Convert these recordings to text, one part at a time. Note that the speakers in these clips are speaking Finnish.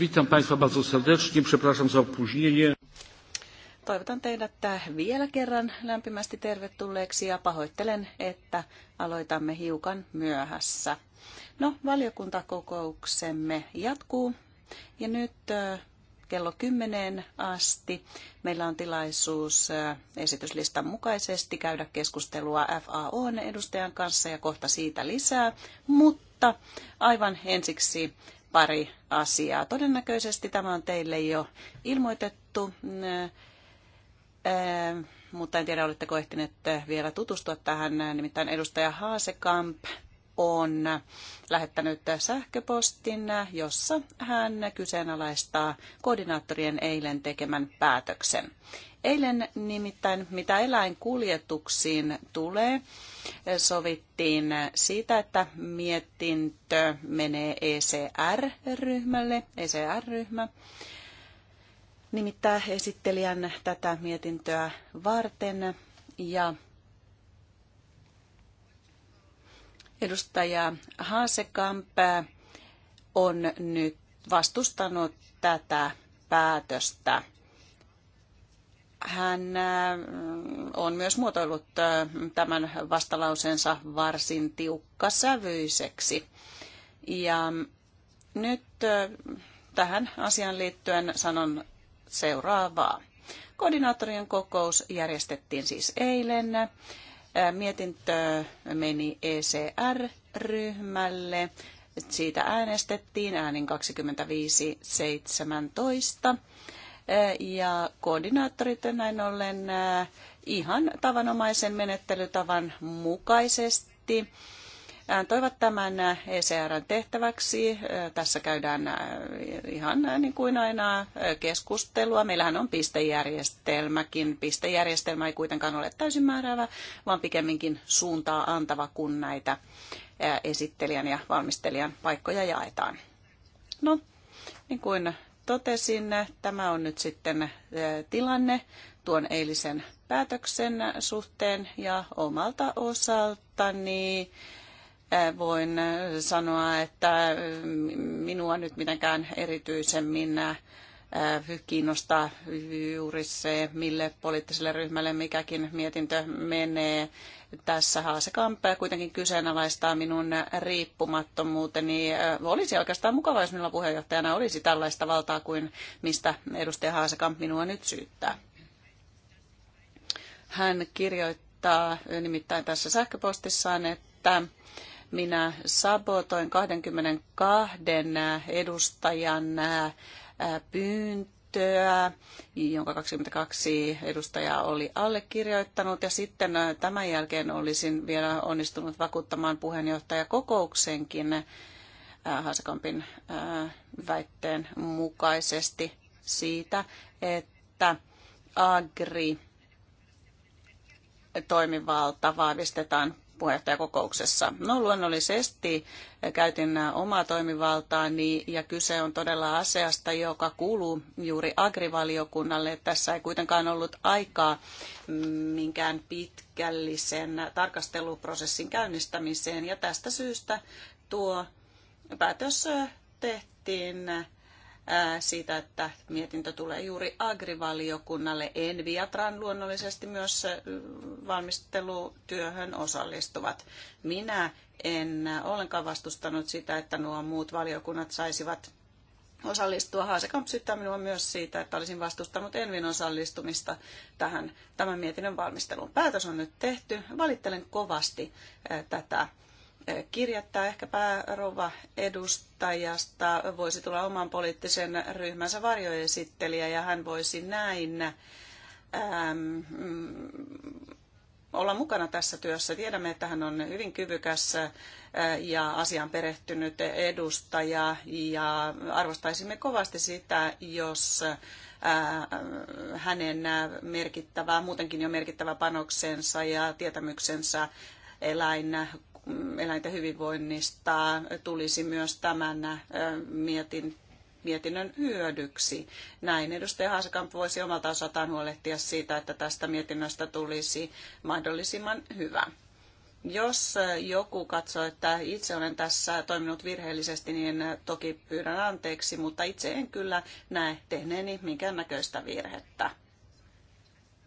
Witam Państwa bardzo serdecznie. Przepraszam za opóźnienie. Toivotan teidät äh, vielä kerran lämpimästi tervetulleeksi ja pahoittelen, että aloitamme hiukan myöhässä. No, valiokuntakokouksemme jatkuu ja nyt äh, kello 10 asti meillä on tilaisuus äh, esityslistan mukaisesti käydä keskustelua FAOn edustajan kanssa ja kohta siitä lisää, mutta mutta aivan ensiksi pari asiaa. Todennäköisesti tämä on teille jo ilmoitettu, eh, eh, mutta en tiedä, oletteko ehtineet vielä tutustua tähän. Nimittäin edustaja Haasekamp on lähettänyt sähköpostin, jossa hän kyseenalaistaa koordinaattorien eilen tekemän päätöksen. Eilen nimittäin, mitä eläinkuljetuksiin tulee, sovittiin siitä, että mietintö menee ECR-ryhmälle, ECR-ryhmä nimittää esittelijän tätä mietintöä varten ja Edustaja Haasekampää on nyt vastustanut tätä päätöstä. Hän äh, on myös muotoillut äh, tämän vastalauseensa varsin tiukkasävyiseksi. Ja nyt äh, tähän asiaan liittyen sanon seuraavaa. Koordinaattorien kokous järjestettiin siis eilen. Mietintö meni ECR-ryhmälle. Siitä äänestettiin äänin 25.17. Ja koordinaattorit näin ollen ihan tavanomaisen menettelytavan mukaisesti antoivat tämän ECRn tehtäväksi. Tässä käydään äh, ihan äh, niin kuin aina äh, keskustelua. Meillähän on pistejärjestelmäkin. Pistejärjestelmä ei kuitenkaan ole täysin määräävä, vaan pikemminkin suuntaa antava, kun näitä esittelijän ja valmistelijan paikkoja jaetaan. No, niin kuin totesin, tämä on nyt sitten tilanne tuon eilisen päätöksen suhteen ja omalta osaltani voin sanoa, että minua nyt mitenkään erityisemmin äh, kiinnostaa juuri se, mille poliittiselle ryhmälle mikäkin mietintö menee. Tässä Haasekampää kuitenkin kyseenalaistaa minun riippumattomuuteni. Äh, olisi oikeastaan mukava, jos minulla puheenjohtajana olisi tällaista valtaa kuin mistä edustaja Haasekamp minua nyt syyttää. Hän kirjoittaa nimittäin tässä sähköpostissaan, että minä sabotoin 22 edustajan äh, pyyntöä, jonka 22 edustajaa oli allekirjoittanut. Ja sitten äh, tämän jälkeen olisin vielä onnistunut vakuuttamaan puheenjohtajakokouksenkin Hasekampin äh, väitteen mukaisesti siitä, että Agri toimivalta vahvistetaan puheenjohtajakokouksessa? No luonnollisesti käytin omaa toimivaltaani ja kyse on todella asiasta, joka kuuluu juuri agrivaliokunnalle. Tässä ei kuitenkaan ollut aikaa minkään pitkällisen tarkasteluprosessin käynnistämiseen ja tästä syystä tuo päätös tehtiin siitä, että mietintö tulee juuri agrivaliokunnalle. En viatran luonnollisesti myös valmistelutyöhön osallistuvat. Minä en ollenkaan vastustanut sitä, että nuo muut valiokunnat saisivat osallistua. Haasekamp syyttää minua myös siitä, että olisin vastustanut Envin osallistumista tähän tämän mietinnön valmisteluun. Päätös on nyt tehty. Valittelen kovasti tätä kirjattaa ehkä päärova edustajasta voisi tulla oman poliittisen ryhmänsä varjoesittelijä ja hän voisi näin äm, mm, olla mukana tässä työssä. Tiedämme, että hän on hyvin kyvykäs äh, ja asiaan perehtynyt edustaja ja arvostaisimme kovasti sitä, jos äh, hänen merkittävää, muutenkin jo merkittävä panoksensa ja tietämyksensä eläin eläinten hyvinvoinnista tulisi myös tämän äh, mietin, mietinnön hyödyksi. Näin edustaja Haasakamp voisi omalta osaltaan huolehtia siitä, että tästä mietinnöstä tulisi mahdollisimman hyvä. Jos äh, joku katsoo, että itse olen tässä toiminut virheellisesti, niin äh, toki pyydän anteeksi, mutta itse en kyllä näe tehneeni minkäännäköistä virhettä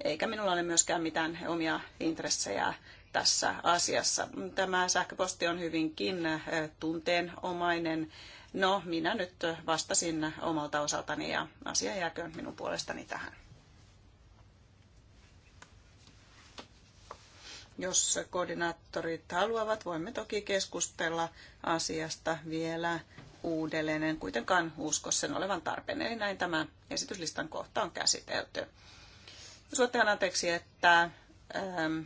eikä minulla ole myöskään mitään omia intressejä tässä asiassa. Tämä sähköposti on hyvinkin eh, tunteenomainen. No, minä nyt vastasin omalta osaltani ja asia jääköön minun puolestani tähän. Jos koordinaattorit haluavat, voimme toki keskustella asiasta vielä uudelleen. En kuitenkaan usko sen olevan tarpeen. Eli näin tämä esityslistan kohta on käsitelty. Suottehan anteeksi, että ähm,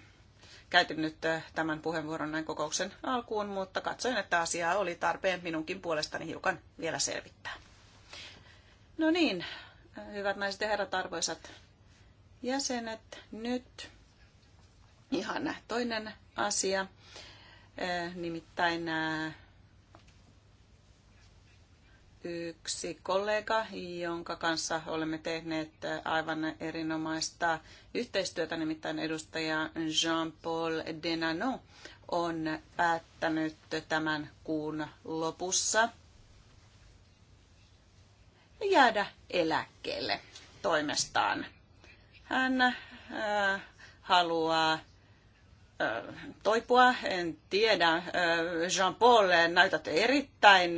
käytin nyt äh, tämän puheenvuoron näin kokouksen alkuun, mutta katsoin, että asiaa oli tarpeen minunkin puolestani hiukan vielä selvittää. No niin, äh, hyvät naiset ja herrat, arvoisat jäsenet, nyt ihan toinen asia, äh, nimittäin yksi kollega, jonka kanssa olemme tehneet aivan erinomaista yhteistyötä, nimittäin edustaja Jean-Paul Denano on päättänyt tämän kuun lopussa jäädä eläkkeelle toimestaan. Hän äh, haluaa toipua, en tiedä. Jean-Paul, näytät erittäin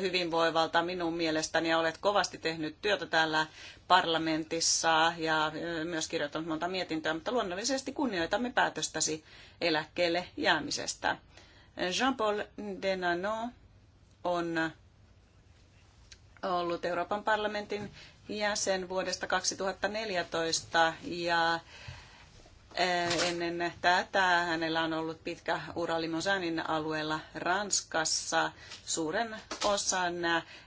hyvinvoivalta minun mielestäni ja olet kovasti tehnyt työtä täällä parlamentissa ja myös kirjoittanut monta mietintöä, mutta luonnollisesti kunnioitamme päätöstäsi eläkkeelle jäämisestä. Jean-Paul Denano on ollut Euroopan parlamentin jäsen vuodesta 2014 ja Eh, ennen tätä hänellä on ollut pitkä ura Limosanin alueella Ranskassa. Suuren osan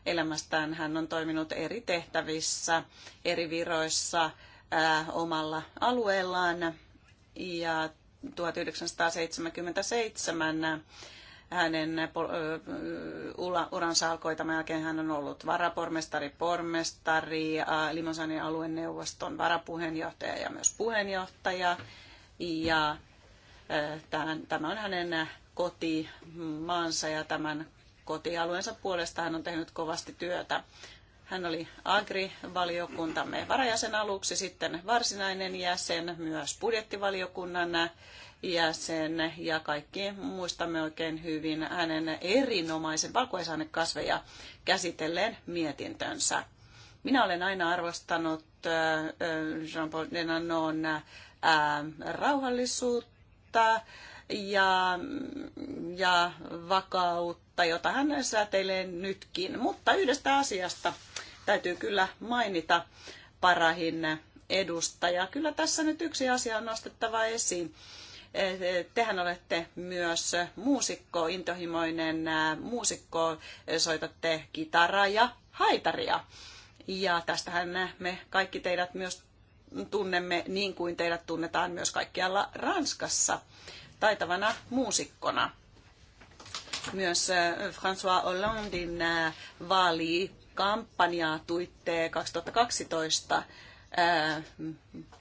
elämästään hän on toiminut eri tehtävissä, eri viroissa eh, omalla alueellaan. Ja 1977 hänen äh, äh, uransa alkoi. Tämän jälkeen hän on ollut varapormestari, pormestari, äh, Limosanin alueen neuvoston varapuheenjohtaja ja myös puheenjohtaja. Ja tämä on hänen kotimaansa ja tämän kotialueensa puolesta hän on tehnyt kovasti työtä. Hän oli agrivaliokuntamme varajäsen aluksi, sitten varsinainen jäsen, myös budjettivaliokunnan jäsen ja kaikki muistamme oikein hyvin hänen erinomaisen valkoisainekasveja käsitelleen mietintönsä. Minä olen aina arvostanut äh, äh, Jean-Paul Denanon äh, rauhallisuutta ja, ja vakautta, jota hän säteilee nytkin. Mutta yhdestä asiasta täytyy kyllä mainita parahin edustaja. Kyllä tässä nyt yksi asia on nostettava esiin. Tehän olette myös muusikko, intohimoinen muusikko, soitatte kitaraa ja haitaria. Ja tästähän me kaikki teidät myös tunnemme niin kuin teidät tunnetaan myös kaikkialla Ranskassa taitavana muusikkona. Myös äh, François Hollandein äh, vaalikampanjaa tuitte 2012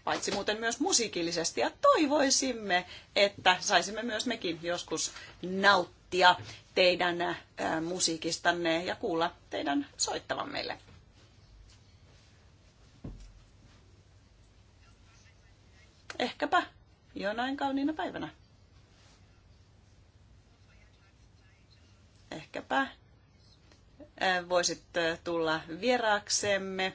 paitsi muuten myös musiikillisesti. Ja toivoisimme, että saisimme myös mekin joskus nauttia teidän musiikistanne ja kuulla teidän soittavan meille. Ehkäpä näin kauniina päivänä. Ehkäpä voisit tulla vieraaksemme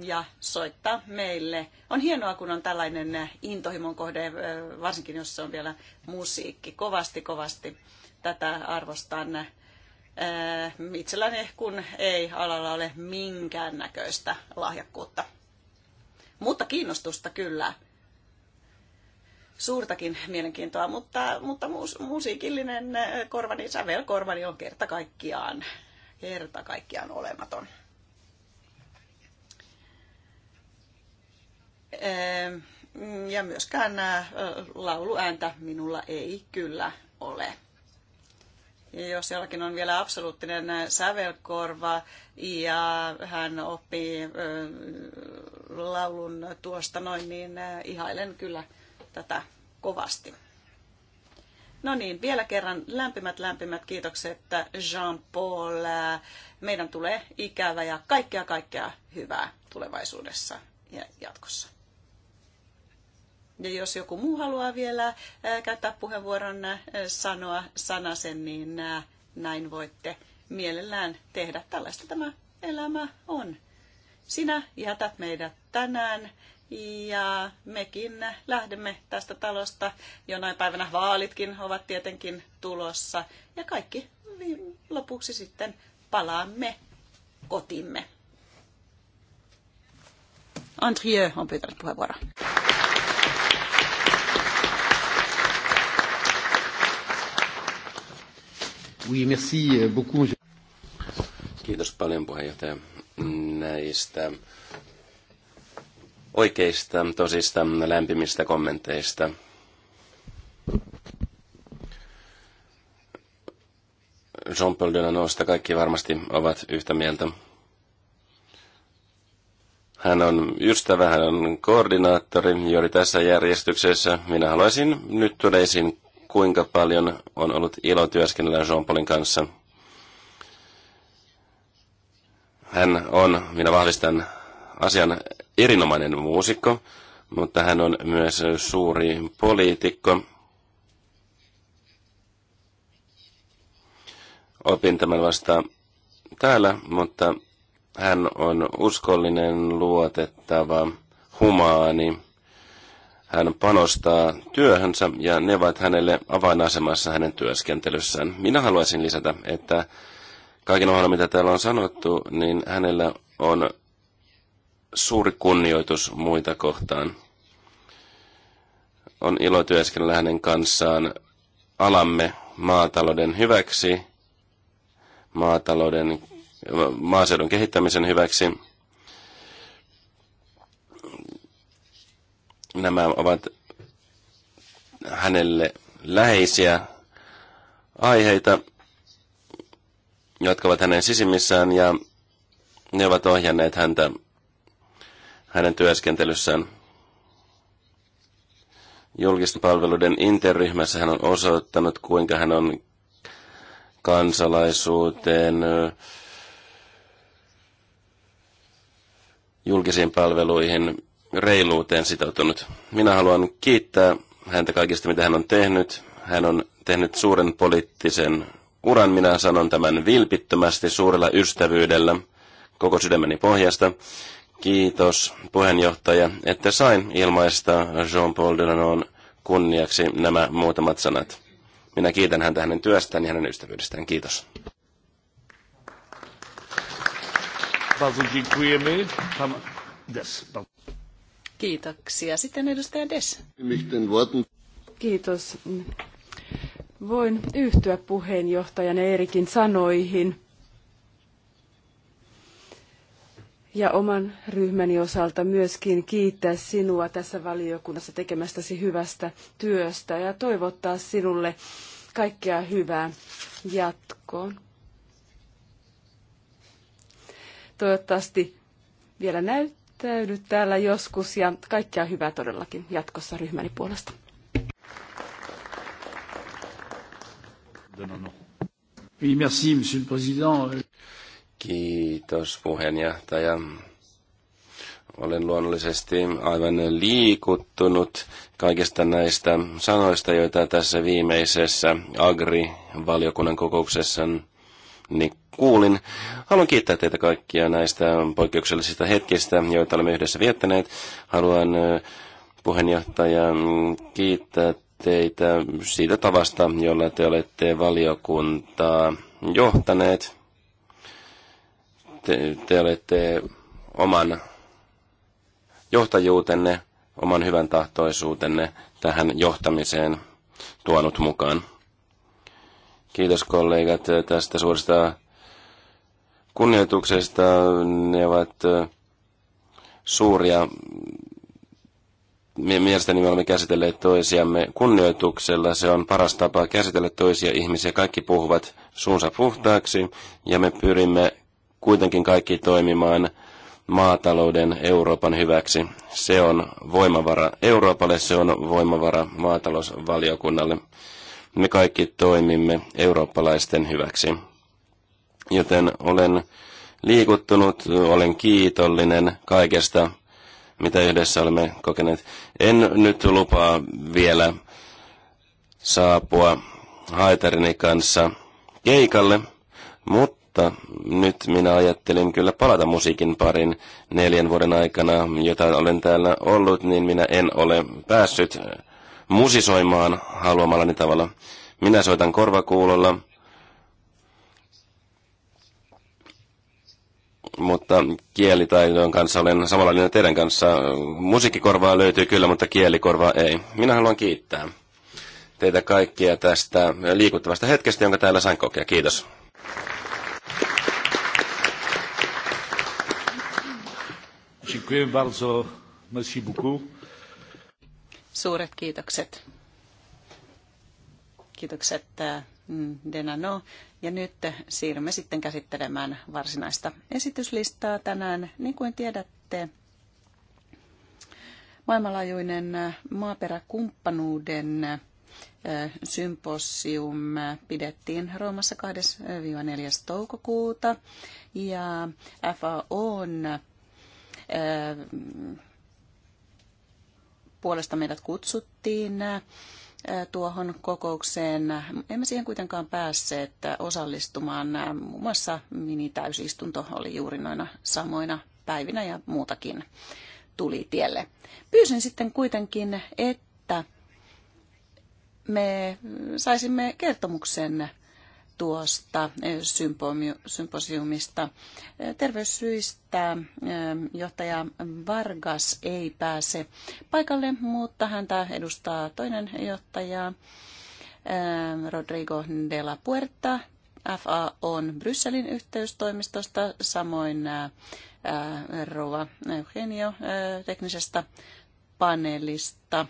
ja soittaa meille. On hienoa, kun on tällainen intohimon kohde, varsinkin jos se on vielä musiikki. Kovasti, kovasti tätä arvostan. Itselläni kun ei alalla ole minkäännäköistä lahjakkuutta. Mutta kiinnostusta kyllä. Suurtakin mielenkiintoa, mutta, mutta musiikillinen korvani, sävelkorvani on kerta kaikkiaan, kerta kaikkiaan olematon. Ehm, ja myöskään äh, lauluääntä minulla ei kyllä ole. Ja jos jollakin on vielä absoluuttinen äh, sävelkorva ja hän oppii äh, laulun tuosta noin, niin ihailen kyllä tätä kovasti. No niin, vielä kerran lämpimät lämpimät kiitokset Jean-Paul. Meidän tulee ikävä ja kaikkea kaikkea hyvää tulevaisuudessa ja jatkossa. Ja jos joku muu haluaa vielä käyttää puheenvuoron sanoa sanasen, niin näin voitte mielellään tehdä. Tällaista tämä elämä on. Sinä jätät meidät tänään ja mekin lähdemme tästä talosta. Jonain päivänä vaalitkin ovat tietenkin tulossa. Ja kaikki lopuksi sitten palaamme kotimme. Andrieu on pyytänyt puheenvuoroa. Oui, merci euh, beaucoup. Kiitos paljon puheenjohtaja näistä oikeista, tosista, lämpimistä kommenteista. Jean-Paul Delanosta kaikki varmasti ovat yhtä mieltä. Hän on ystävä, hän on koordinaattori juuri tässä järjestyksessä. Minä haluaisin nyt todellisin kuinka paljon on ollut ilo työskennellä Jean-Paulin kanssa. Hän on, minä vahvistan asian, erinomainen muusikko, mutta hän on myös suuri poliitikko. Opin tämän vasta täällä, mutta hän on uskollinen, luotettava, humaani hän panostaa työhönsä ja ne ovat hänelle avainasemassa hänen työskentelyssään. Minä haluaisin lisätä, että kaiken ohella mitä täällä on sanottu, niin hänellä on suuri kunnioitus muita kohtaan. On ilo työskennellä hänen kanssaan alamme maatalouden hyväksi, maatalouden, maaseudun kehittämisen hyväksi Nämä ovat hänelle läheisiä aiheita, jotka ovat hänen sisimmissään ja ne ovat ohjanneet häntä hänen työskentelyssään. Julkisten palveluiden interryhmässä hän on osoittanut, kuinka hän on kansalaisuuteen, julkisiin palveluihin reiluuteen sitoutunut. Minä haluan kiittää häntä kaikista, mitä hän on tehnyt. Hän on tehnyt suuren poliittisen uran, minä sanon tämän vilpittömästi suurella ystävyydellä koko sydämeni pohjasta. Kiitos puheenjohtaja, että sain ilmaista Jean-Paul Delanon kunniaksi nämä muutamat sanat. Minä kiitän häntä hänen työstään ja hänen ystävyydestään. Kiitos. Bardzo dziękujemy. Pan... Yes, pan... Kiitoksia. Sitten edustaja Des. Kiitos. Voin yhtyä puheenjohtajan Erikin sanoihin. Ja oman ryhmäni osalta myöskin kiittää sinua tässä valiokunnassa tekemästäsi hyvästä työstä ja toivottaa sinulle kaikkea hyvää jatkoon. Toivottavasti vielä näyttää täydy täällä joskus ja kaikkea hyvää todellakin jatkossa ryhmäni puolesta. No, no, no. Kiitos puheenjohtaja. Olen luonnollisesti aivan liikuttunut kaikista näistä sanoista, joita tässä viimeisessä Agri-valiokunnan kokouksessa kuulin. Haluan kiittää teitä kaikkia näistä poikkeuksellisista hetkistä, joita olemme yhdessä viettäneet. Haluan puheenjohtaja mm, kiittää teitä siitä tavasta, jolla te olette valiokuntaa johtaneet. Te, te olette oman johtajuutenne, oman hyvän tahtoisuutenne tähän johtamiseen tuonut mukaan. Kiitos kollegat tästä suuresta kunnioituksesta. Ne ovat suuria. Mielestäni me olemme käsitelleet toisiamme kunnioituksella. Se on paras tapa käsitellä toisia ihmisiä. Kaikki puhuvat suunsa puhtaaksi ja me pyrimme kuitenkin kaikki toimimaan maatalouden Euroopan hyväksi. Se on voimavara Euroopalle, se on voimavara maatalousvaliokunnalle. Me kaikki toimimme eurooppalaisten hyväksi joten olen liikuttunut, olen kiitollinen kaikesta, mitä yhdessä olemme kokeneet. En nyt lupaa vielä saapua haitarini kanssa keikalle, mutta nyt minä ajattelin kyllä palata musiikin parin neljän vuoden aikana, jota olen täällä ollut, niin minä en ole päässyt musisoimaan haluamallani tavalla. Minä soitan korvakuulolla, mutta kielitaidon kanssa olen samalla linjalla teidän kanssa. Musiikkikorvaa löytyy kyllä, mutta kielikorvaa ei. Minä haluan kiittää teitä kaikkia tästä liikuttavasta hetkestä, jonka täällä sain kokea. Kiitos. Suuret kiitokset. Kiitokset Denano. Ja nyt siirrymme sitten käsittelemään varsinaista esityslistaa tänään. Niin kuin tiedätte, maailmanlaajuinen maaperäkumppanuuden symposium pidettiin Roomassa 2-4. toukokuuta ja FAO on puolesta meidät kutsuttiin tuohon kokoukseen. Emme siihen kuitenkaan päässeet osallistumaan. Muun muassa minitäysistunto oli juuri noina samoina päivinä ja muutakin tuli tielle. Pyysin sitten kuitenkin, että me saisimme kertomuksen tuosta symposiumista. Terveyssyistä johtaja Vargas ei pääse paikalle, mutta häntä edustaa toinen johtaja Rodrigo de la Puerta. FA on Brysselin yhteystoimistosta, samoin Rova Eugenio teknisestä paneelista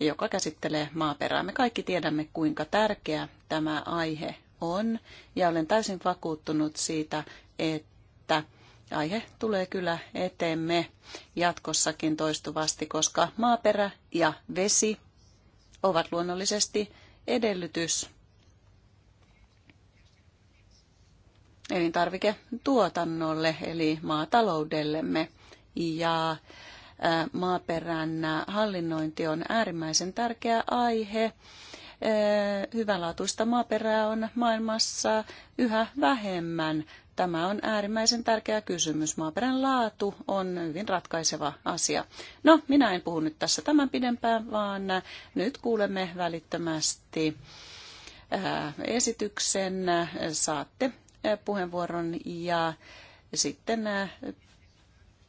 joka käsittelee maaperää. Me kaikki tiedämme, kuinka tärkeä tämä aihe on, ja olen täysin vakuuttunut siitä, että aihe tulee kyllä eteemme jatkossakin toistuvasti, koska maaperä ja vesi ovat luonnollisesti edellytys elintarviketuotannolle eli maataloudellemme. Ja maaperän hallinnointi on äärimmäisen tärkeä aihe Eh, hyvänlaatuista maaperää on maailmassa yhä vähemmän. Tämä on äärimmäisen tärkeä kysymys. Maaperän laatu on hyvin ratkaiseva asia. No, minä en puhu nyt tässä tämän pidempään, vaan nyt kuulemme välittömästi eh, esityksen. Saatte eh, puheenvuoron ja sitten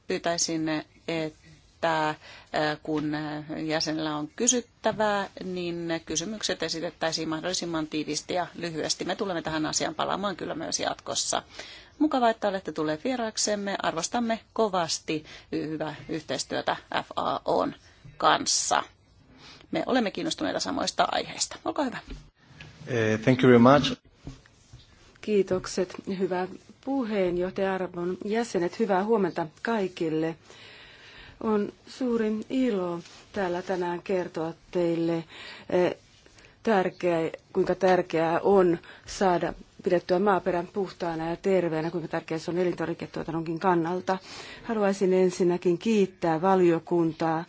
pyytäisin, että että kun jäsenellä on kysyttävää, niin kysymykset esitettäisiin mahdollisimman tiivisti ja lyhyesti. Me tulemme tähän asiaan palaamaan kyllä myös jatkossa. Mukavaa, että olette tulleet vieraaksemme. Arvostamme kovasti hyvää yhteistyötä FAOn kanssa. Me olemme kiinnostuneita samoista aiheista. Olkaa hyvä. Eh, thank you very much. Kiitokset, hyvä puheenjohtaja Arvon jäsenet. Hyvää huomenta kaikille. On suurin ilo täällä tänään kertoa teille eh, tärkeä, kuinka tärkeää on saada pidettyä maaperän puhtaana ja terveenä, kuinka tärkeää se on elintarviketuotannonkin kannalta. Haluaisin ensinnäkin kiittää valiokuntaa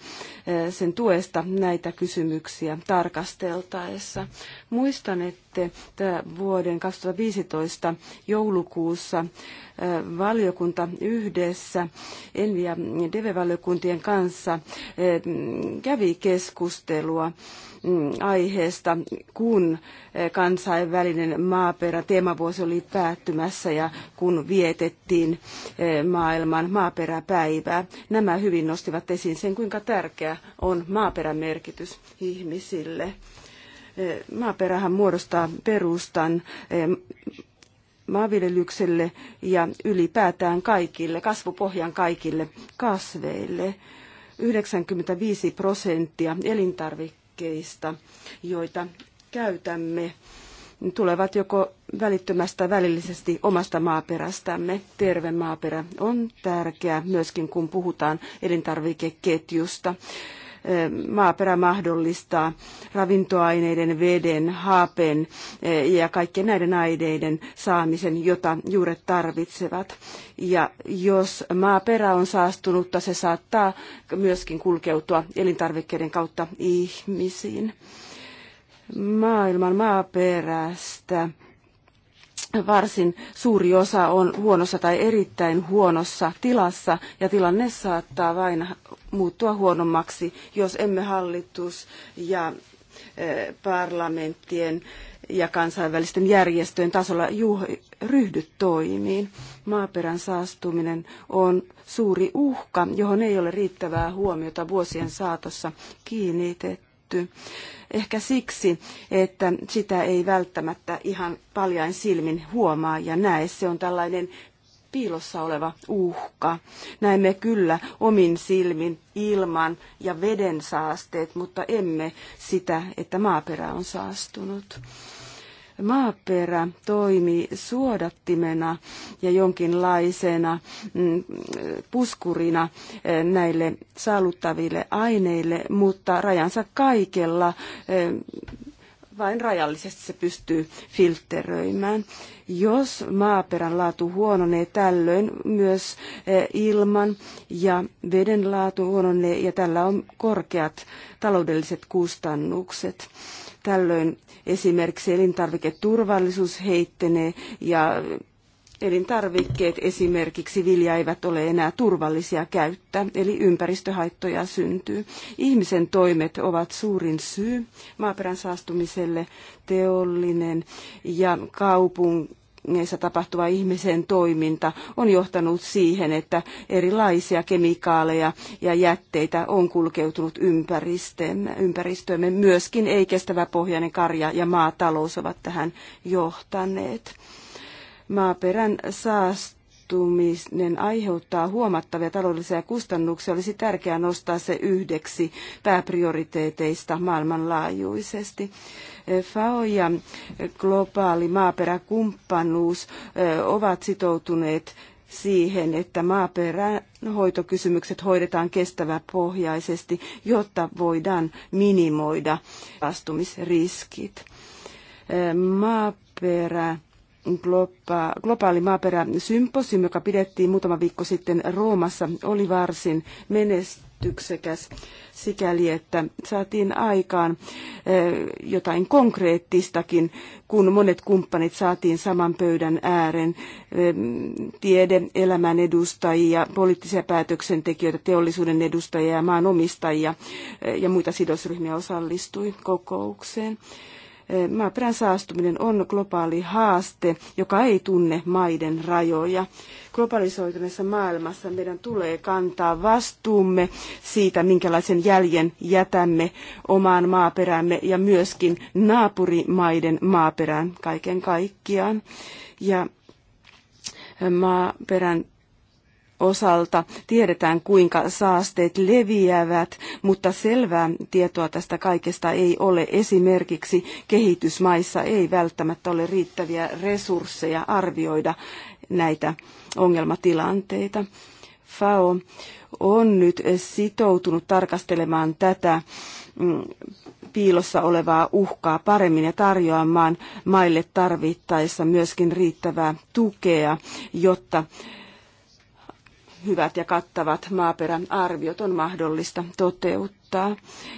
eh, sen tuesta näitä kysymyksiä tarkasteltaessa. Muistan, että vuoden 2015 joulukuussa valiokunta yhdessä Envi- ja DEVE-valiokuntien kanssa kävi keskustelua mm, aiheesta, kun kansainvälinen maaperä teemavuosi oli päättymässä ja kun vietettiin maailman maaperäpäivää. Nämä hyvin nostivat esiin sen, kuinka tärkeä on maaperän merkitys ihmisille. Maaperähän muodostaa perustan eh, maanviljelykselle ja ylipäätään kaikille, kasvupohjan kaikille kasveille. 95 prosenttia elintarvikkeista, joita käytämme, tulevat joko välittömästä välillisesti omasta maaperästämme. Terve maaperä on tärkeä myöskin, kun puhutaan elintarvikeketjusta maaperä mahdollistaa ravintoaineiden, veden, haapen eh, ja kaikkien näiden aineiden saamisen, jota juuret tarvitsevat. Ja jos maaperä on saastunutta, se saattaa myöskin kulkeutua elintarvikkeiden kautta ihmisiin. Maailman maaperästä varsin suuri osa on huonossa tai erittäin huonossa tilassa ja tilanne saattaa vain muuttua huonommaksi, jos emme hallitus ja eh, parlamenttien ja kansainvälisten järjestöjen tasolla ryhdy toimiin. Maaperän saastuminen on suuri uhka, johon ei ole riittävää huomiota vuosien saatossa kiinnitetty. Ehkä siksi, että sitä ei välttämättä ihan paljain silmin huomaa ja näe. Se on tällainen piilossa oleva uhka. Näemme kyllä omin silmin ilman ja veden saasteet, mutta emme sitä, että maaperä on saastunut. Maaperä toimii suodattimena ja jonkinlaisena mm, puskurina eh, näille saaluttaville aineille, mutta rajansa kaikella eh, vain rajallisesti se pystyy filtteröimään. Jos maaperän laatu huononee tällöin myös eh, ilman ja veden laatu huononee ja tällä on korkeat taloudelliset kustannukset. Tällöin esimerkiksi elintarviketurvallisuus heittenee ja elintarvikkeet, esimerkiksi vilja, eivät ole enää turvallisia käyttää, eli ympäristöhaittoja syntyy. Ihmisen toimet ovat suurin syy maaperän saastumiselle, teollinen ja kaupungeissa tapahtuva ihmisen toiminta on johtanut siihen, että erilaisia kemikaaleja ja jätteitä on kulkeutunut ympäristöömme. Myöskin ei-kestävä pohjainen karja ja maatalous ovat tähän johtaneet maaperän saastuminen aiheuttaa huomattavia taloudellisia kustannuksia, olisi tärkeää nostaa se yhdeksi pääprioriteeteista maailmanlaajuisesti. FAO ja globaali maaperäkumppanuus ovat sitoutuneet siihen, että maaperän hoitokysymykset hoidetaan kestäväpohjaisesti, jotta voidaan minimoida vastumisriskit. Maaperä globa- globaali maaperäsymposium, joka pidettiin muutama viikko sitten Roomassa, oli varsin menestyksekäs sikäli, että saatiin aikaan eh, jotain konkreettistakin, kun monet kumppanit saatiin saman pöydän ääreen, tiede, elämän edustajia, poliittisia päätöksentekijöitä, teollisuuden edustajia ja maanomistajia eh, ja muita sidosryhmiä osallistui kokoukseen. Maaperän saastuminen on globaali haaste, joka ei tunne maiden rajoja. Globalisoituneessa maailmassa meidän tulee kantaa vastuumme siitä, minkälaisen jäljen jätämme omaan maaperämme ja myöskin naapurimaiden maaperään kaiken kaikkiaan. Ja maaperän osalta tiedetään, kuinka saasteet leviävät, mutta selvää tietoa tästä kaikesta ei ole. Esimerkiksi kehitysmaissa ei välttämättä ole riittäviä resursseja arvioida näitä ongelmatilanteita. FAO on nyt sitoutunut tarkastelemaan tätä mm, piilossa olevaa uhkaa paremmin ja tarjoamaan maille tarvittaessa myöskin riittävää tukea, jotta hyvät ja kattavat maaperän arviot on mahdollista toteuttaa.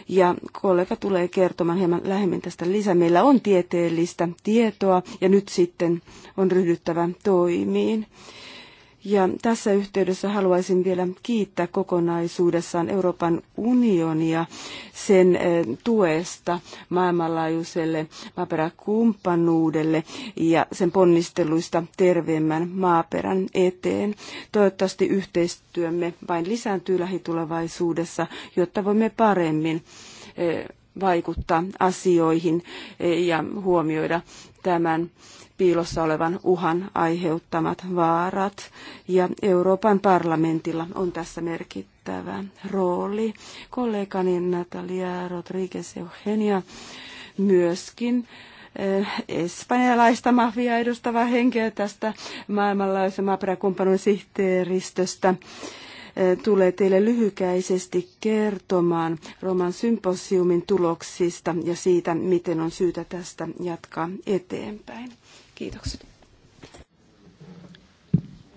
Ja kollega tulee kertomaan hieman lähemmin tästä lisää. Meillä on tieteellistä tietoa ja nyt sitten on ryhdyttävä toimiin. Ja tässä yhteydessä haluaisin vielä kiittää kokonaisuudessaan Euroopan unionia sen eh, tuesta maailmanlaajuiselle maaperäkumppanuudelle ja sen ponnisteluista terveemmän maaperän eteen. Toivottavasti yhteistyömme vain lisääntyy lähitulevaisuudessa, jotta voimme paremmin eh, vaikuttaa asioihin eh, ja huomioida tämän piilossa olevan uhan aiheuttamat vaarat. Ja Euroopan parlamentilla on tässä merkittävä rooli. Kollegani Natalia Rodriguez Eugenia myöskin eh, espanjalaista mafiaa edustava henkilö tästä maailmanlaajuisen maaperäkumppanun sihteeristöstä eh, tulee teille lyhykäisesti kertomaan Roman symposiumin tuloksista ja siitä, miten on syytä tästä jatkaa eteenpäin. Kiitokset.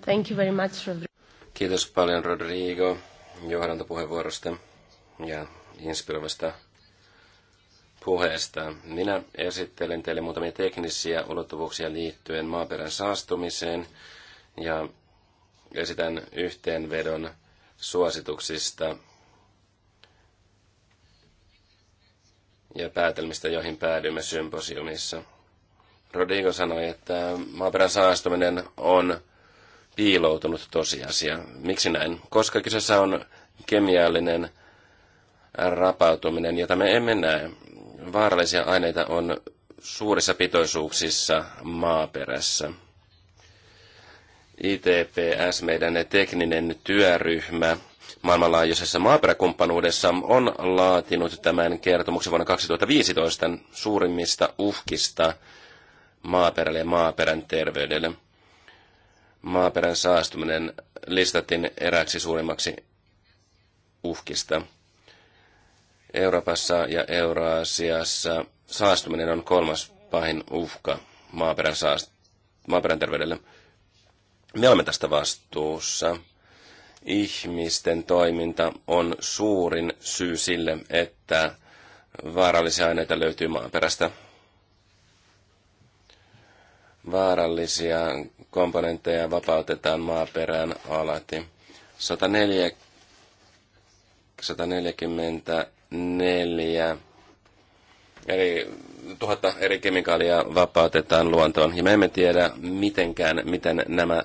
Thank you very much, Rodrigo. Kiitos paljon Rodrigo johdantopuheenvuorosta ja inspiroivasta puheesta. Minä esittelen teille muutamia teknisiä ulottuvuuksia liittyen maaperän saastumiseen ja esitän yhteenvedon suosituksista ja päätelmistä, joihin päädymme symposiumissa. Rodrigo sanoi, että maaperän saastuminen on piiloutunut tosiasia. Miksi näin? Koska kyseessä on kemiallinen rapautuminen, jota me emme näe. Vaarallisia aineita on suurissa pitoisuuksissa maaperässä. ITPS, meidän tekninen työryhmä maailmanlaajuisessa maaperäkumppanuudessa, on laatinut tämän kertomuksen vuonna 2015 suurimmista uhkista maaperälle ja maaperän terveydelle. Maaperän saastuminen listattiin eräksi suurimmaksi uhkista. Euroopassa ja Euroasiassa saastuminen on kolmas pahin uhka maaperän, saast- maaperän terveydelle. Me olemme tästä vastuussa. Ihmisten toiminta on suurin syy sille, että vaarallisia aineita löytyy maaperästä vaarallisia komponentteja vapautetaan maaperään alati. 104, 144 eli tuhatta eri kemikaalia vapautetaan luontoon. Ja me emme tiedä mitenkään, miten nämä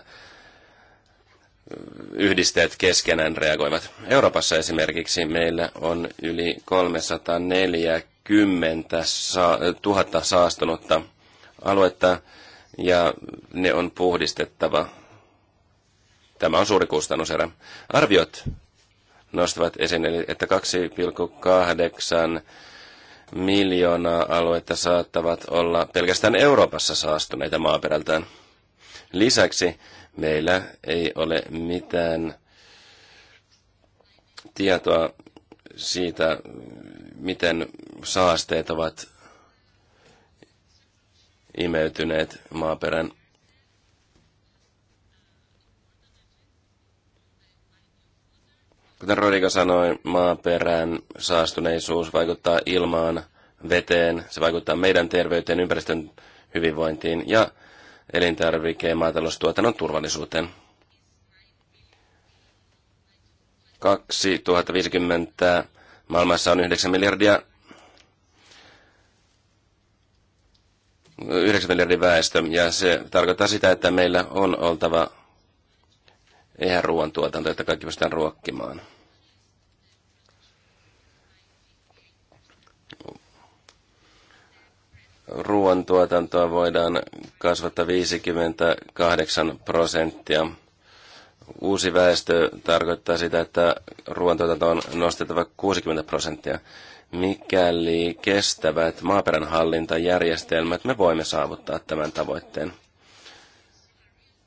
yhdisteet keskenään reagoivat. Euroopassa esimerkiksi meillä on yli 340 000 saastunutta aluetta, ja ne on puhdistettava. Tämä on suuri kustannuserä. Arviot nostavat esiin, että 2,8 miljoonaa aluetta saattavat olla pelkästään Euroopassa saastuneita maaperältään. Lisäksi meillä ei ole mitään tietoa siitä, miten saasteet ovat imeytyneet maaperän. Kuten Rodika sanoi, maaperän saastuneisuus vaikuttaa ilmaan, veteen, se vaikuttaa meidän terveyteen, ympäristön hyvinvointiin ja elintarvike- ja maataloustuotannon turvallisuuteen. 2050 maailmassa on 9 miljardia 9 miljardin väestö, ja se tarkoittaa sitä, että meillä on oltava eihän ruoantuotanto, että kaikki pystytään ruokkimaan. Ruoantuotantoa voidaan kasvattaa 58 prosenttia. Uusi väestö tarkoittaa sitä, että ruoantuotanto on nostettava 60 prosenttia. Mikäli kestävät maaperänhallintajärjestelmät, me voimme saavuttaa tämän tavoitteen.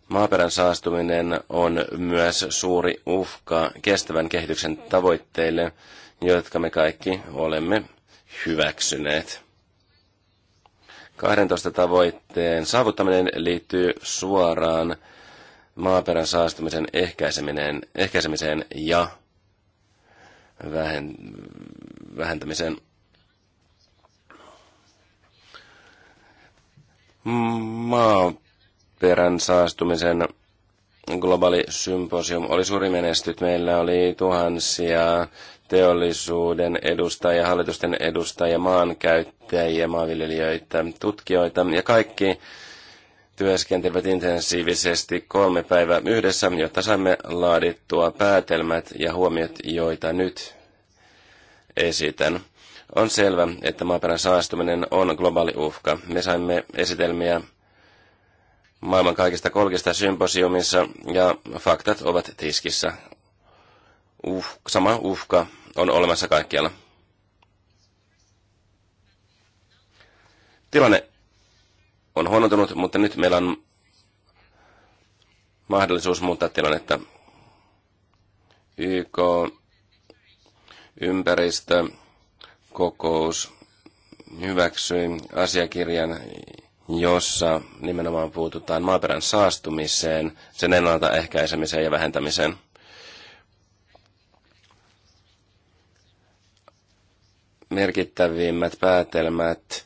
Maaperän saastuminen on myös suuri uhka kestävän kehityksen tavoitteille, jotka me kaikki olemme hyväksyneet. 12 tavoitteen saavuttaminen liittyy suoraan maaperän saastumisen ehkäisemiseen, ja vähen, vähentämiseen. Maaperän saastumisen globaali symposium oli suuri menestyt. Meillä oli tuhansia teollisuuden edustajia, hallitusten edustajia, maankäyttäjiä, maanviljelijöitä, tutkijoita ja kaikki työskentelivät intensiivisesti kolme päivää yhdessä, jotta saimme laadittua päätelmät ja huomiot, joita nyt esitän. On selvä, että maaperän saastuminen on globaali uhka. Me saimme esitelmiä maailman kaikista kolkista symposiumissa ja faktat ovat tiskissä. Uh, sama uhka on olemassa kaikkialla. Tilanne on huonontunut, mutta nyt meillä on mahdollisuus muuttaa tilannetta. YK ympäristö kokous hyväksyi asiakirjan, jossa nimenomaan puututaan maaperän saastumiseen, sen ennaltaehkäisemiseen ja vähentämiseen. Merkittävimmät päätelmät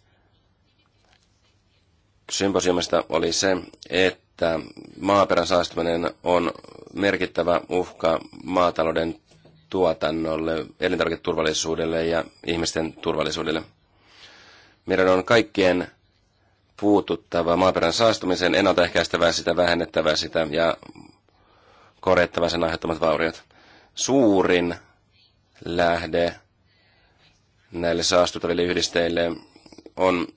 symposiumista oli se, että maaperän saastuminen on merkittävä uhka maatalouden tuotannolle, elintarviketurvallisuudelle ja ihmisten turvallisuudelle. Meidän on kaikkien puututtava maaperän saastumiseen, ennaltaehkäistävää sitä, vähennettävää sitä ja korjattava sen aiheuttamat vauriot. Suurin lähde näille saastuttaville yhdisteille on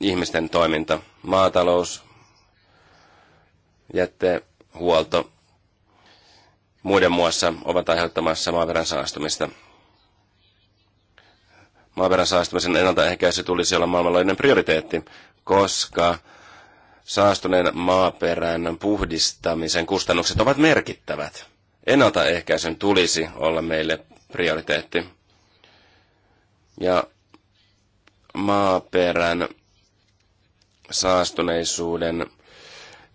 ihmisten toiminta, maatalous, jättehuolto muiden muassa ovat aiheuttamassa maaperän saastumista. Maaperän saastumisen ennaltaehkäisy tulisi olla maailmanlainen prioriteetti, koska saastuneen maaperän puhdistamisen kustannukset ovat merkittävät. Ennaltaehkäisyn tulisi olla meille prioriteetti. Ja maaperän saastuneisuuden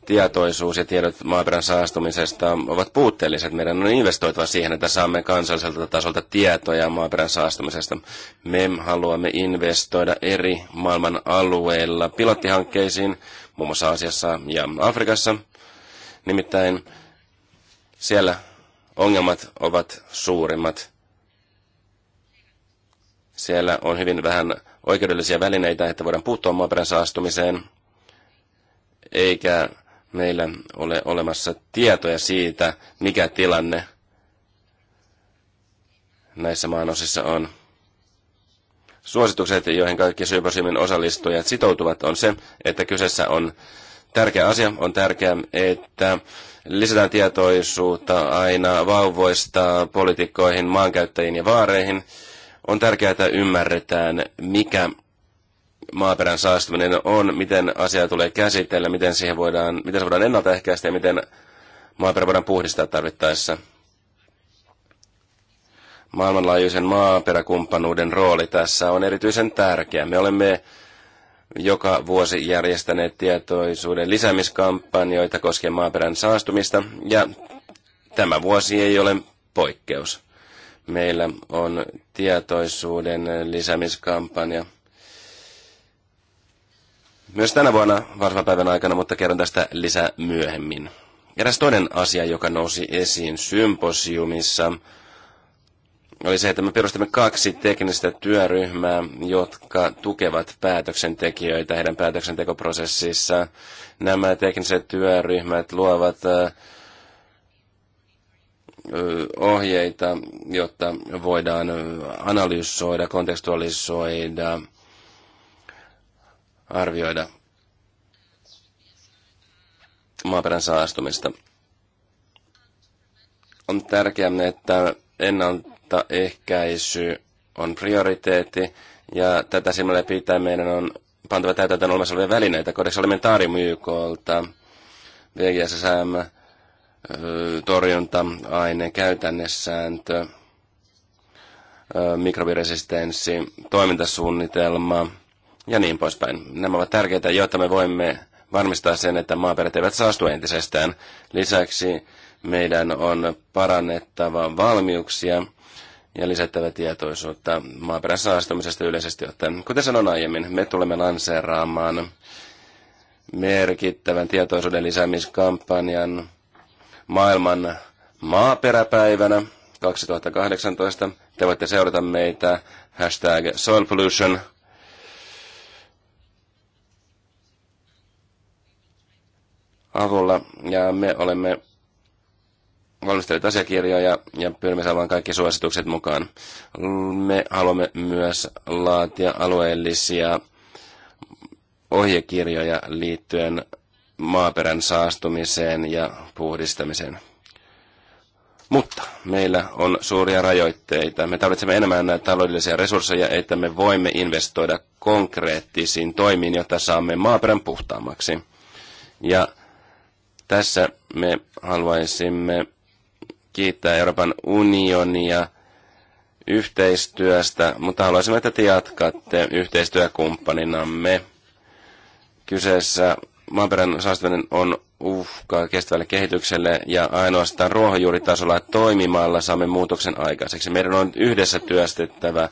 tietoisuus ja tiedot maaperän saastumisesta ovat puutteelliset. Meidän on investoitava siihen, että saamme kansalliselta tasolta tietoja maaperän saastumisesta. Me haluamme investoida eri maailman alueilla pilottihankkeisiin, muun muassa Aasiassa ja Afrikassa. Nimittäin siellä ongelmat ovat suurimmat. Siellä on hyvin vähän oikeudellisia välineitä, että voidaan puuttua maaperän saastumiseen, eikä meillä ole olemassa tietoja siitä, mikä tilanne näissä maanosissa on. Suositukset, joihin kaikki syöpäsyymin osallistujat sitoutuvat, on se, että kyseessä on tärkeä asia. On tärkeää, että lisätään tietoisuutta aina vauvoista poliitikkoihin, maankäyttäjiin ja vaareihin. On tärkeää, että ymmärretään, mikä maaperän saastuminen on, miten asia tulee käsitellä, miten, siihen voidaan, miten se voidaan ennaltaehkäistä ja miten maaperä voidaan puhdistaa tarvittaessa. Maailmanlaajuisen maaperäkumppanuuden rooli tässä on erityisen tärkeä. Me olemme joka vuosi järjestäneet tietoisuuden lisäämiskampanjoita koskien maaperän saastumista, ja tämä vuosi ei ole poikkeus. Meillä on tietoisuuden lisäämiskampanja – myös tänä vuonna päivän aikana, mutta kerron tästä lisää myöhemmin. Eräs toinen asia, joka nousi esiin symposiumissa, oli se, että me perustamme kaksi teknistä työryhmää, jotka tukevat päätöksentekijöitä heidän päätöksentekoprosessissa. Nämä tekniset työryhmät luovat ohjeita, jotta voidaan analysoida, kontekstualisoida arvioida maaperän saastumista. On tärkeää, että ennaltaehkäisy on prioriteetti, ja tätä silmällä pitää meidän on pantava täytäntöön olemassa olevia välineitä. Kodeksi Alimentarium YKlta, VGSSM, torjunta-aine, käytännessääntö, mikrobiresistenssi, toimintasuunnitelma – ja niin poispäin. Nämä ovat tärkeitä, jotta me voimme varmistaa sen, että maaperät eivät saastu entisestään. Lisäksi meidän on parannettava valmiuksia ja lisättävä tietoisuutta maaperän saastumisesta yleisesti ottaen. Kuten sanoin aiemmin, me tulemme lanseeraamaan merkittävän tietoisuuden lisäämiskampanjan maailman maaperäpäivänä 2018. Te voitte seurata meitä hashtag soil avulla ja me olemme valmistelleet asiakirjoja ja pyrimme saamaan kaikki suositukset mukaan. Me haluamme myös laatia alueellisia ohjekirjoja liittyen maaperän saastumiseen ja puhdistamiseen. Mutta meillä on suuria rajoitteita. Me tarvitsemme enemmän näitä taloudellisia resursseja, että me voimme investoida konkreettisiin toimiin, jotta saamme maaperän puhtaammaksi. Ja tässä me haluaisimme kiittää Euroopan unionia yhteistyöstä, mutta haluaisimme, että te jatkatte yhteistyökumppaninamme. Kyseessä maaperän saastuminen on uhka kestävälle kehitykselle ja ainoastaan ruohonjuuritasolla toimimalla saamme muutoksen aikaiseksi. Meidän on yhdessä työstettävä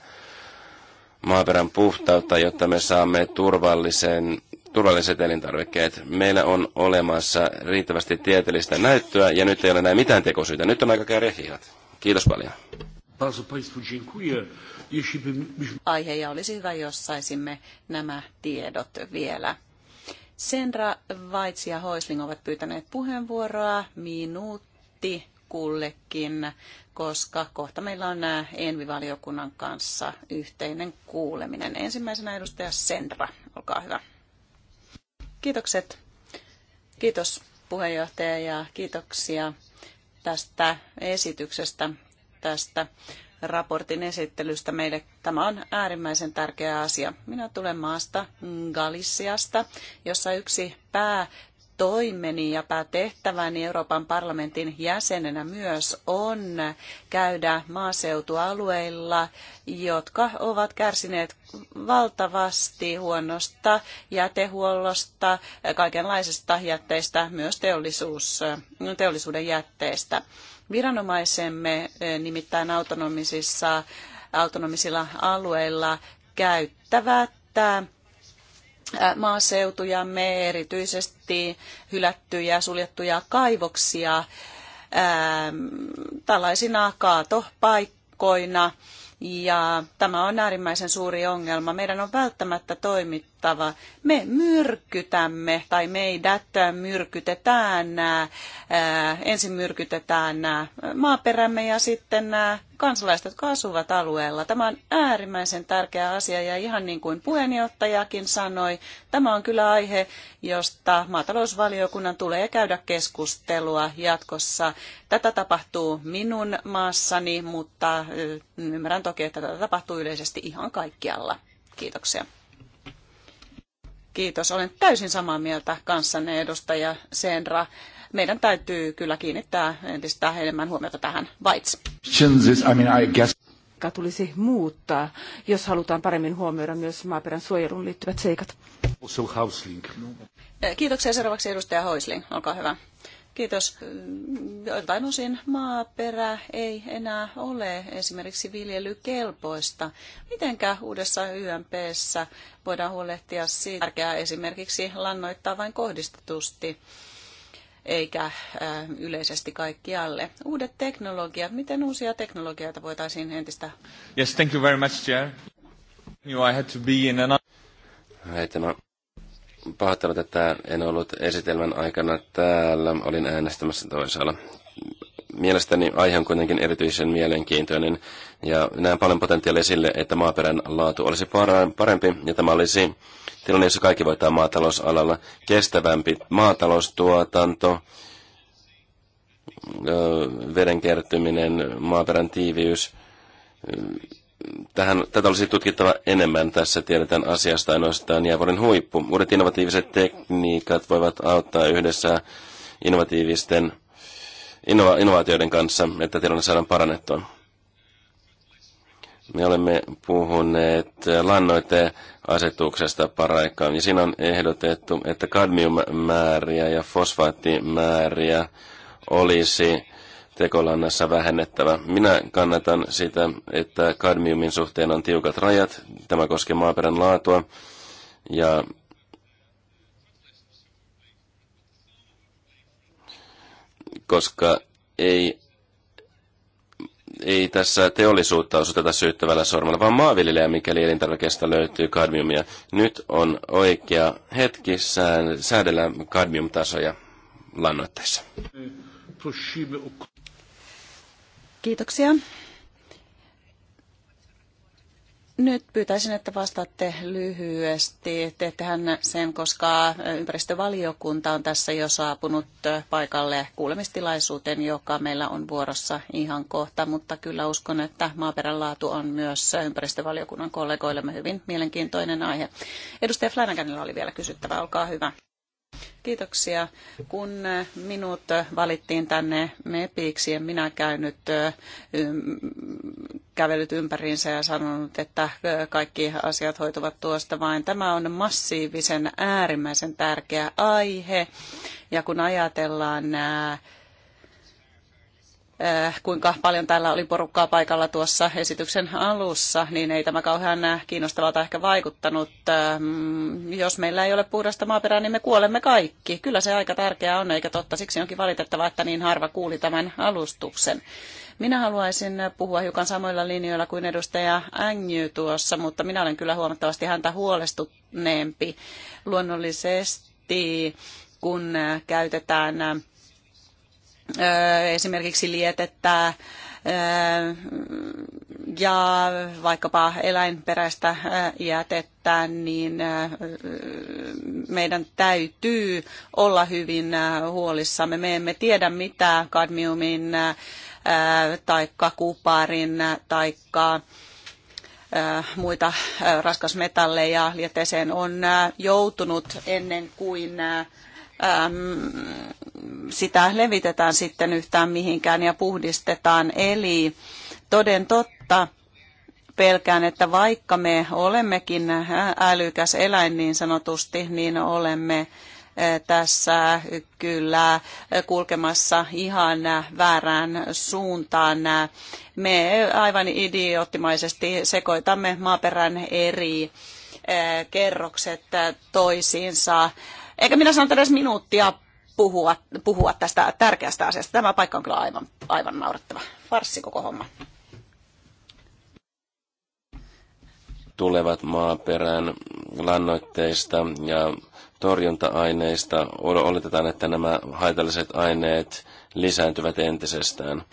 maaperän puhtautta, jotta me saamme turvallisen turvalliset elintarvikkeet. Meillä on olemassa riittävästi tieteellistä näyttöä ja nyt ei ole näin mitään tekosyitä. Nyt on aika käydä hiilat. Kiitos paljon. Aihe ja olisi hyvä, jos saisimme nämä tiedot vielä. Senra Weitz ja Hoisling ovat pyytäneet puheenvuoroa minuutti kullekin, koska kohta meillä on äh, Envivaliokunnan kanssa yhteinen kuuleminen. Ensimmäisenä edustaja Senra, olkaa hyvä. Kiitokset. Kiitos puheenjohtaja ja kiitoksia tästä esityksestä, tästä raportin esittelystä meille. Tämä on äärimmäisen tärkeä asia. Minä tulen maasta Galisiasta, jossa yksi pää toimeni ja päätehtäväni Euroopan parlamentin jäsenenä myös on käydä maaseutualueilla, jotka ovat kärsineet valtavasti huonosta jätehuollosta, kaikenlaisista jätteistä, myös teollisuus, teollisuuden jätteistä. Viranomaisemme nimittäin autonomisissa, autonomisilla alueilla käyttävät maaseutujamme, erityisesti hylättyjä, suljettuja kaivoksia tällaisina kaatopaikkoina ja tämä on äärimmäisen suuri ongelma. Meidän on välttämättä toimittava. Me myrkytämme tai meidät myrkytetään, nämä, ensin myrkytetään maaperämme ja sitten nämä kansalaiset, jotka asuvat alueella. Tämä on äärimmäisen tärkeä asia ja ihan niin kuin puheenjohtajakin sanoi, tämä on kyllä aihe, josta maatalousvaliokunnan tulee käydä keskustelua jatkossa. Tätä tapahtuu minun maassani, mutta ymmärrän toki, että tätä tapahtuu yleisesti ihan kaikkialla. Kiitoksia. Kiitos. Olen täysin samaa mieltä kanssanne edustaja Senra. Meidän täytyy kyllä kiinnittää entistä enemmän huomiota tähän vaits. tulisi muuttaa, jos halutaan paremmin huomioida myös maaperän suojeluun liittyvät seikat. Kiitoksia seuraavaksi edustaja Hoisling. Olkaa hyvä. Kiitos. Joiltain osin maaperä ei enää ole esimerkiksi viljelykelpoista. Mitenkä uudessa YMPssä voidaan huolehtia siitä, tärkeää esimerkiksi lannoittaa vain kohdistetusti eikä yleisesti kaikkialle. Uudet teknologiat, miten uusia teknologioita voitaisiin entistä... Yes, thank you very much, Chair. You, I had to be in another... Hei, tämä Pahoittelut, että en ollut esitelmän aikana täällä. Olin äänestämässä toisaalla. Mielestäni aihe on kuitenkin erityisen mielenkiintoinen ja näen paljon potentiaalia sille, että maaperän laatu olisi parempi ja tämä olisi tilanne, jossa kaikki voittaa maatalousalalla. Kestävämpi maataloustuotanto, veden kertyminen, maaperän tiiviys, tähän, tätä olisi tutkittava enemmän. Tässä tiedetään asiasta ainoastaan jäävuoren huippu. Uudet innovatiiviset tekniikat voivat auttaa yhdessä innovatiivisten innova, innovaatioiden kanssa, että tilanne saadaan parannettua. Me olemme puhuneet lannoiteasetuksesta paraikaan, ja siinä on ehdotettu, että kadmiummääriä ja fosfaattimääriä olisi tekolannassa vähennettävä. Minä kannatan sitä, että kadmiumin suhteen on tiukat rajat. Tämä koskee maaperän laatua ja koska ei, ei tässä teollisuutta osuteta syyttävällä sormella, vaan maanviljelijä, mikäli elintarvikeesta löytyy kadmiumia. Nyt on oikea hetki säädellä kadmiumtasoja lannoitteissa. Kiitoksia. Nyt pyytäisin, että vastaatte lyhyesti. Teettehän sen, koska ympäristövaliokunta on tässä jo saapunut paikalle kuulemistilaisuuteen, joka meillä on vuorossa ihan kohta, mutta kyllä uskon, että maaperän laatu on myös ympäristövaliokunnan kollegoillemme hyvin mielenkiintoinen aihe. Edustaja Flanaganilla oli vielä kysyttävää, olkaa hyvä. Kiitoksia. Kun minut valittiin tänne MEPiksi, en minä käynyt kävelyt ympäriinsä ja sanonut, että kaikki asiat hoituvat tuosta vain. Tämä on massiivisen äärimmäisen tärkeä aihe. Ja kun ajatellaan Äh, kuinka paljon täällä oli porukkaa paikalla tuossa esityksen alussa, niin ei tämä kauhean äh, kiinnostavalta ehkä vaikuttanut. Ähm, jos meillä ei ole puhdasta maaperää, niin me kuolemme kaikki. Kyllä se aika tärkeää on, eikä totta. Siksi onkin valitettavaa, että niin harva kuuli tämän alustuksen. Minä haluaisin puhua hiukan samoilla linjoilla kuin edustaja Ängy tuossa, mutta minä olen kyllä huomattavasti häntä huolestuneempi luonnollisesti, kun äh, käytetään esimerkiksi lietettä ja vaikkapa eläinperäistä jätettä, niin meidän täytyy olla hyvin huolissamme. Me emme tiedä, mitä kadmiumin tai kuparin tai muita raskasmetalleja lieteeseen on joutunut ennen kuin sitä levitetään sitten yhtään mihinkään ja puhdistetaan. Eli toden totta pelkään, että vaikka me olemmekin älykäs eläin niin sanotusti, niin olemme tässä kyllä kulkemassa ihan väärään suuntaan. Me aivan idioottimaisesti sekoitamme maaperän eri kerrokset toisiinsa eikä minä sanota, edes minuuttia puhua, puhua tästä tärkeästä asiasta. Tämä paikka on kyllä aivan, aivan naurettava. Farssi koko homma. Tulevat maaperän lannoitteista ja torjunta-aineista oletetaan, että nämä haitalliset aineet lisääntyvät entisestään.